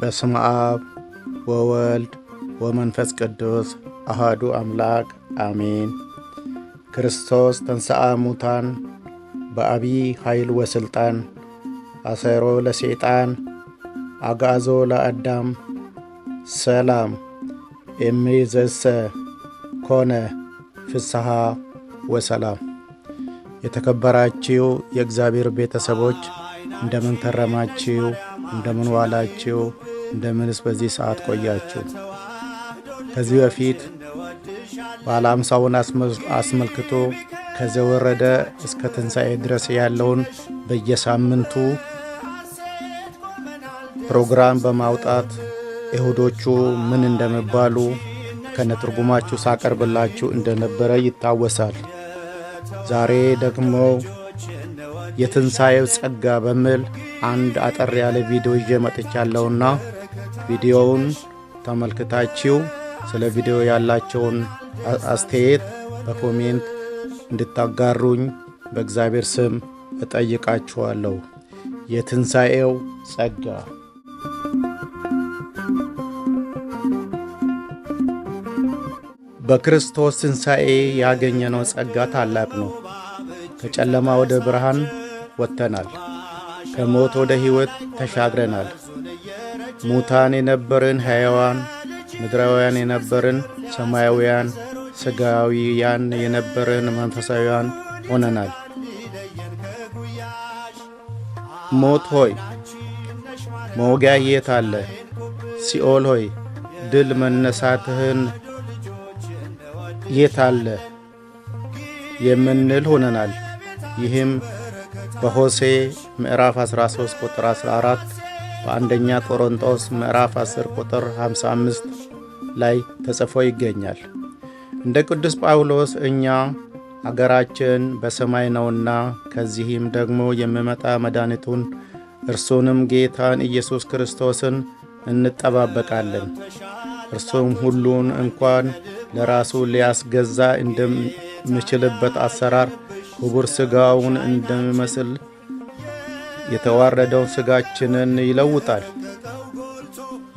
በስመ አብ ወወልድ ወመንፈስ ቅዱስ አሃዱ አምላክ አሜን። ክርስቶስ ተንሥአ ሙታን በአቢይ ኃይል ወስልጣን አሰሮ ለሰይጣን አግዓዞ ለአዳም ሰላም እምይእዜሰ ኮነ ፍስሐ ወሰላም። የተከበራችሁ የእግዚአብሔር ቤተሰቦች እንደምን ከረማችሁ? እንደምን ዋላችሁ? እንደምንስ በዚህ ሰዓት ቆያችሁ? ከዚህ በፊት ባለ አምሳውን አስመልክቶ ከዘወረደ እስከ ትንሣኤ ድረስ ያለውን በየሳምንቱ ፕሮግራም በማውጣት እሁዶቹ ምን እንደሚባሉ ከነትርጉማችሁ ሳቀርብላችሁ እንደነበረ ይታወሳል። ዛሬ ደግሞ የትንሣኤው ጸጋ በሚል አንድ አጠር ያለ ቪዲዮ ይዤ መጥቻለሁና ቪዲዮውን ተመልክታችሁ ስለ ቪዲዮ ያላቸውን አስተያየት በኮሜንት እንድታጋሩኝ በእግዚአብሔር ስም እጠይቃችኋለሁ። የትንሣኤው ጸጋ በክርስቶስ ትንሣኤ ያገኘነው ጸጋ ታላቅ ነው። ከጨለማ ወደ ብርሃን ወጥተናል፣ ከሞት ወደ ሕይወት ተሻግረናል። ሙታን የነበርን ሕያዋን፣ ምድራውያን የነበርን ሰማያውያን፣ ሥጋዊያን የነበርን መንፈሳውያን ሆነናል። ሞት ሆይ መውጊያ የት አለ? ሲኦል ሆይ ድል መነሳትህን የት አለ? የምንል ሆነናል። ይህም በሆሴ ምዕራፍ 13 ቁጥር 14 በአንደኛ ቆሮንጦስ ምዕራፍ 10 ቁጥር 55 ላይ ተጽፎ ይገኛል። እንደ ቅዱስ ጳውሎስ እኛ አገራችን በሰማይ ነውና ከዚህም ደግሞ የሚመጣ መድኃኒቱን እርሱንም ጌታን ኢየሱስ ክርስቶስን እንጠባበቃለን። እርሱም ሁሉን እንኳን ለራሱ ሊያስገዛ እንደሚችልበት አሰራር ክቡር ሥጋውን እንደሚመስል የተዋረደውን ሥጋችንን ይለውጣል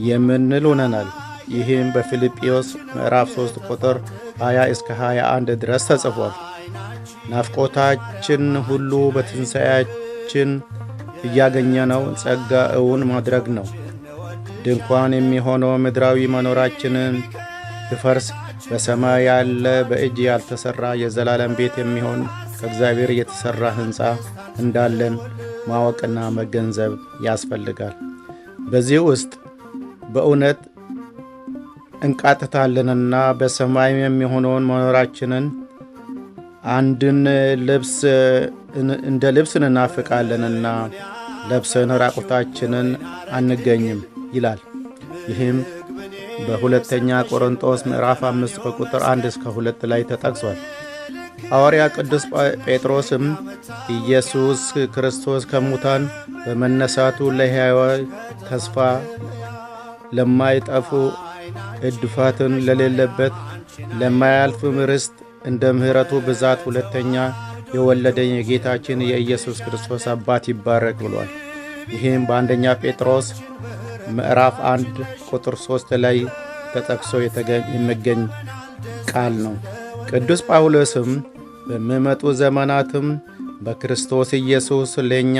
የምንል ሆነናል። ይህም በፊልጵዎስ ምዕራፍ 3 ቁጥር 20 እስከ 21 ድረስ ተጽፏል። ናፍቆታችን ሁሉ በትንሣኤያችን እያገኘነው ጸጋ እውን ማድረግ ነው። ድንኳን የሚሆነው ምድራዊ መኖራችንን ትፈርስ በሰማይ ያለ በእጅ ያልተሠራ የዘላለም ቤት የሚሆን ከእግዚአብሔር የተሠራ ሕንፃ እንዳለን ማወቅና መገንዘብ ያስፈልጋል። በዚህ ውስጥ በእውነት እንቃጥታለንና በሰማይም የሚሆነውን መኖራችንን አንድን ልብስ እንደ ልብስ እንናፍቃለንና ለብሰን ራቁታችንን አንገኝም ይላል። ይህም በሁለተኛ ቆሮንጦስ ምዕራፍ አምስት ከቁጥር አንድ እስከ ሁለት ላይ ተጠቅሷል። ሐዋርያ ቅዱስ ጴጥሮስም ኢየሱስ ክርስቶስ ከሙታን በመነሳቱ ለሕያዋን ተስፋ ለማይጠፉ እድፋትን ለሌለበት ለማያልፍም ርስት እንደ ምሕረቱ ብዛት ሁለተኛ የወለደኝ የጌታችን የኢየሱስ ክርስቶስ አባት ይባረክ ብሏል። ይህም በአንደኛ ጴጥሮስ ምዕራፍ አንድ ቁጥር ሦስት ላይ ተጠቅሶ የሚገኝ ቃል ነው። ቅዱስ ጳውሎስም በሚመጡ ዘመናትም በክርስቶስ ኢየሱስ ለእኛ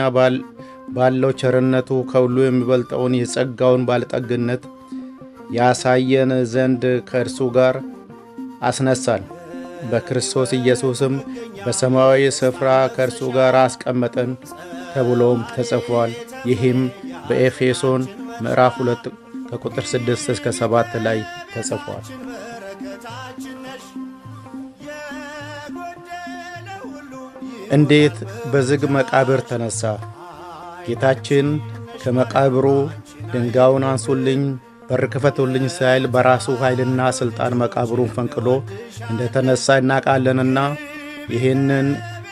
ባለው ቸርነቱ ከሁሉ የሚበልጠውን የጸጋውን ባለጠግነት ያሳየን ዘንድ ከእርሱ ጋር አስነሳን። በክርስቶስ ኢየሱስም በሰማያዊ ስፍራ ከእርሱ ጋር አስቀመጠን ተብሎም ተጽፏል። ይህም በኤፌሶን ምዕራፍ 2 ከቁጥር 6 እስከ 7 ላይ ተጽፏል። እንዴት በዝግ መቃብር ተነሣ? ጌታችን ከመቃብሩ ድንጋዩን አንሱልኝ በር ክፈቱልኝ ሳይል በራሱ ኃይልና ሥልጣን መቃብሩን ፈንቅሎ እንደ ተነሣ እናውቃለንና ይህንን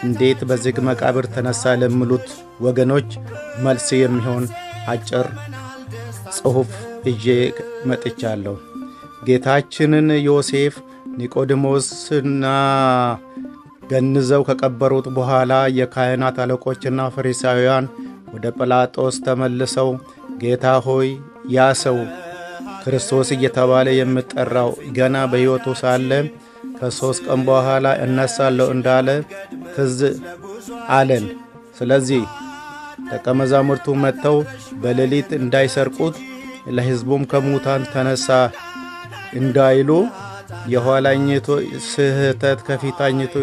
እንዴት በዝግ መቃብር ተነሣ ለሚሉት ወገኖች መልስ የሚሆን አጭር ጽሑፍ እዤ መጥቻለሁ። ጌታችንን ዮሴፍ ኒቆዲሞስና ገንዘው ከቀበሩት በኋላ የካህናት አለቆችና ፈሪሳውያን ወደ ጲላጦስ ተመልሰው ጌታ ሆይ ያ ሰው ክርስቶስ እየተባለ የምጠራው ገና በሕይወቱ ሳለ ከሦስት ቀን በኋላ እነሳለሁ እንዳለ ትዝ አለን። ስለዚህ ደቀ መዛሙርቱ መጥተው በሌሊት እንዳይሰርቁት ለሕዝቡም ከሙታን ተነሳ እንዳይሉ የኋላኝቱ ስህተት ከፊታኝቱ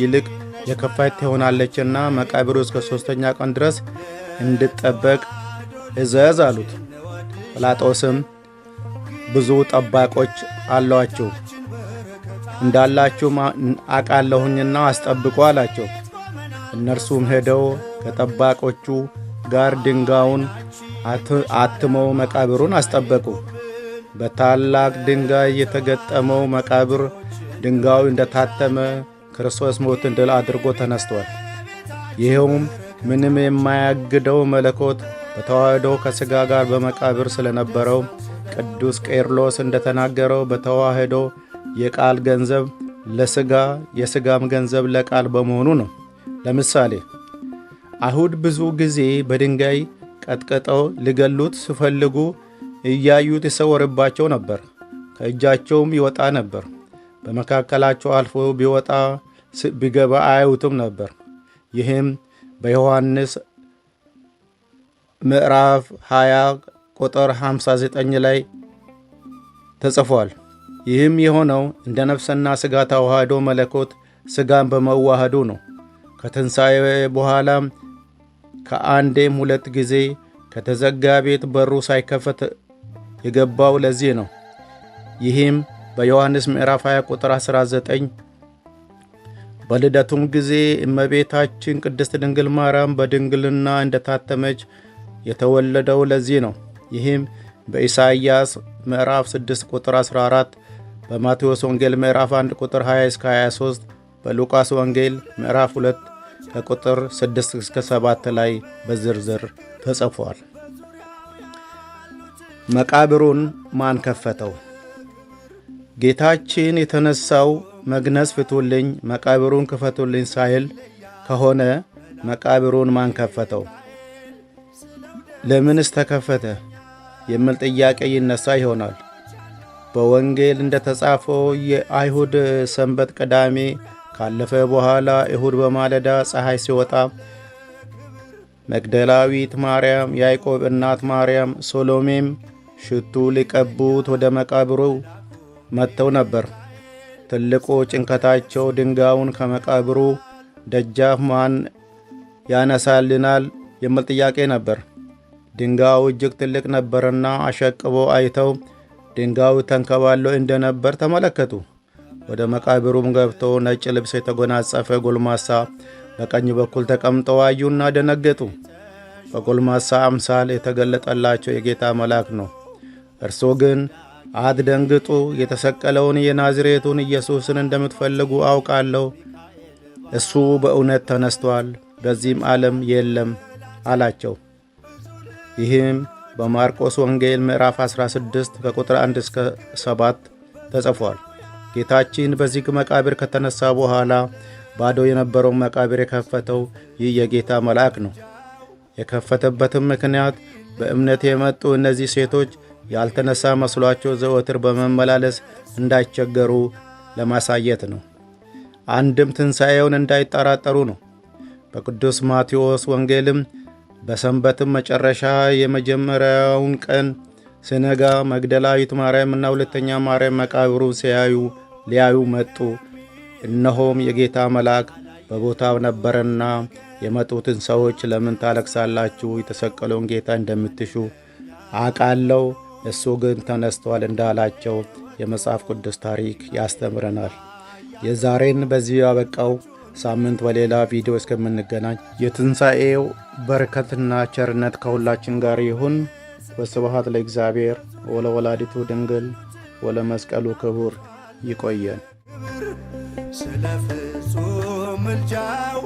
ይልቅ የከፋች ትሆናለችና መቃብሩ እስከ ሦስተኛ ቀን ድረስ እንድጠበቅ እዘዝ አሉት። ጵላጦስም ብዙ ጠባቆች አሏችሁ እንዳላችሁም አቃለሁኝና አስጠብቁ አላቸው። እነርሱም ሄደው ከጠባቆቹ ጋር ድንጋዩን አትመው መቃብሩን አስጠበቁ። በታላቅ ድንጋይ የተገጠመው መቃብር ድንጋዩ እንደታተመ ክርስቶስ ሞትን ድል አድርጎ ተነስቷል። ይኸውም ምንም የማያግደው መለኮት በተዋህዶ ከሥጋ ጋር በመቃብር ስለነበረው ቅዱስ ቄርሎስ እንደተናገረው በተዋህዶ የቃል ገንዘብ ለሥጋ የሥጋም ገንዘብ ለቃል በመሆኑ ነው። ለምሳሌ አይሁድ ብዙ ጊዜ በድንጋይ ቀጥቅጠው ሊገሉት ሲፈልጉ እያዩት ይሰወርባቸው ነበር፣ ከእጃቸውም ይወጣ ነበር። በመካከላቸው አልፎ ቢወጣ ቢገባ አያዩትም ነበር። ይህም በዮሐንስ ምዕራፍ 20 ቁጥር 59 ላይ ተጽፏል። ይህም የሆነው እንደ ነፍስና ሥጋ ተዋህዶ መለኮት ሥጋን በመዋህዱ ነው። ከትንሣኤ በኋላም ከአንዴም ሁለት ጊዜ ከተዘጋ ቤት በሩ ሳይከፈት የገባው ለዚህ ነው። ይህም በዮሐንስ ምዕራፍ 20 ቁጥር 19 በልደቱም ጊዜ እመቤታችን ቅድስት ድንግል ማርያም በድንግልና እንደታተመች የተወለደው ለዚህ ነው። ይህም በኢሳይያስ ምዕራፍ 6 ቁጥር 14 በማቴዎስ ወንጌል ምዕራፍ 1 ቁጥር 20 እስከ 23 በሉቃስ ወንጌል ምዕራፍ 2 ከቁጥር 6 እስከ 7 ላይ በዝርዝር ተጽፏል። መቃብሩን ማን ከፈተው? ጌታችን የተነሳው መግነስ ፍቱልኝ፣ መቃብሩን ክፈቱልኝ ሳይል ከሆነ መቃብሩን ማን ከፈተው? ለምንስ ተከፈተ የሚል ጥያቄ ይነሳ ይሆናል። በወንጌል እንደ ተጻፈው የአይሁድ ሰንበት ቅዳሜ ካለፈ በኋላ እሁድ በማለዳ ፀሐይ ሲወጣ መግደላዊት ማርያም፣ ያዕቆብ እናት ማርያም፣ ሶሎሜም ሽቱ ሊቀቡት ወደ መቃብሩ መጥተው ነበር። ትልቁ ጭንቀታቸው ድንጋዩን ከመቃብሩ ደጃፍ ማን ያነሳልናል የሚል ጥያቄ ነበር። ድንጋዩ እጅግ ትልቅ ነበርና አሸቅቦ አይተው ድንጋዩ ተንከባለው እንደነበር ተመለከቱ። ወደ መቃብሩም ገብተው ነጭ ልብስ የተጎናጸፈ ጎልማሳ በቀኝ በኩል ተቀምጠው አዩና ደነገጡ። በጎልማሳ አምሳል የተገለጠላቸው የጌታ መልአክ ነው። እርሶ ግን አትደንግጡ፣ የተሰቀለውን የናዝሬቱን ኢየሱስን እንደምትፈልጉ አውቃለሁ። እሱ በእውነት ተነስቶአል፣ በዚህም ዓለም የለም አላቸው። ይህም በማርቆስ ወንጌል ምዕራፍ 16 ከቁጥር 1 እስከ 7 ተጽፏል። ጌታችን በዚህ መቃብር ከተነሳ በኋላ ባዶ የነበረውን መቃብር የከፈተው ይህ የጌታ መልአክ ነው። የከፈተበትም ምክንያት በእምነት የመጡ እነዚህ ሴቶች ያልተነሳ መስሏቸው ዘወትር በመመላለስ እንዳይቸገሩ ለማሳየት ነው። አንድም ትንሣኤውን እንዳይጠራጠሩ ነው። በቅዱስ ማቴዎስ ወንጌልም በሰንበትም መጨረሻ የመጀመሪያውን ቀን ስነጋ መግደላዊት ማርያምና ሁለተኛ ማርያም መቃብሩ ሲያዩ ሊያዩ መጡ። እነሆም የጌታ መልአክ በቦታው ነበረና የመጡትን ሰዎች ለምን ታለቅሳላችሁ? የተሰቀለውን ጌታ እንደምትሹ አቃለው እሱ ግን ተነስተዋል እንዳላቸው የመጽሐፍ ቅዱስ ታሪክ ያስተምረናል። የዛሬን በዚህ ያበቃው። ሳምንት በሌላ ቪዲዮ እስከምንገናኝ የትንሣኤው በረከትና ቸርነት ከሁላችን ጋር ይሁን። ወስብሐት ለእግዚአብሔር ወለወላዲቱ ድንግል ወለመስቀሉ ክቡር። ይቆየን። ስለ ፍጹም ምልጃው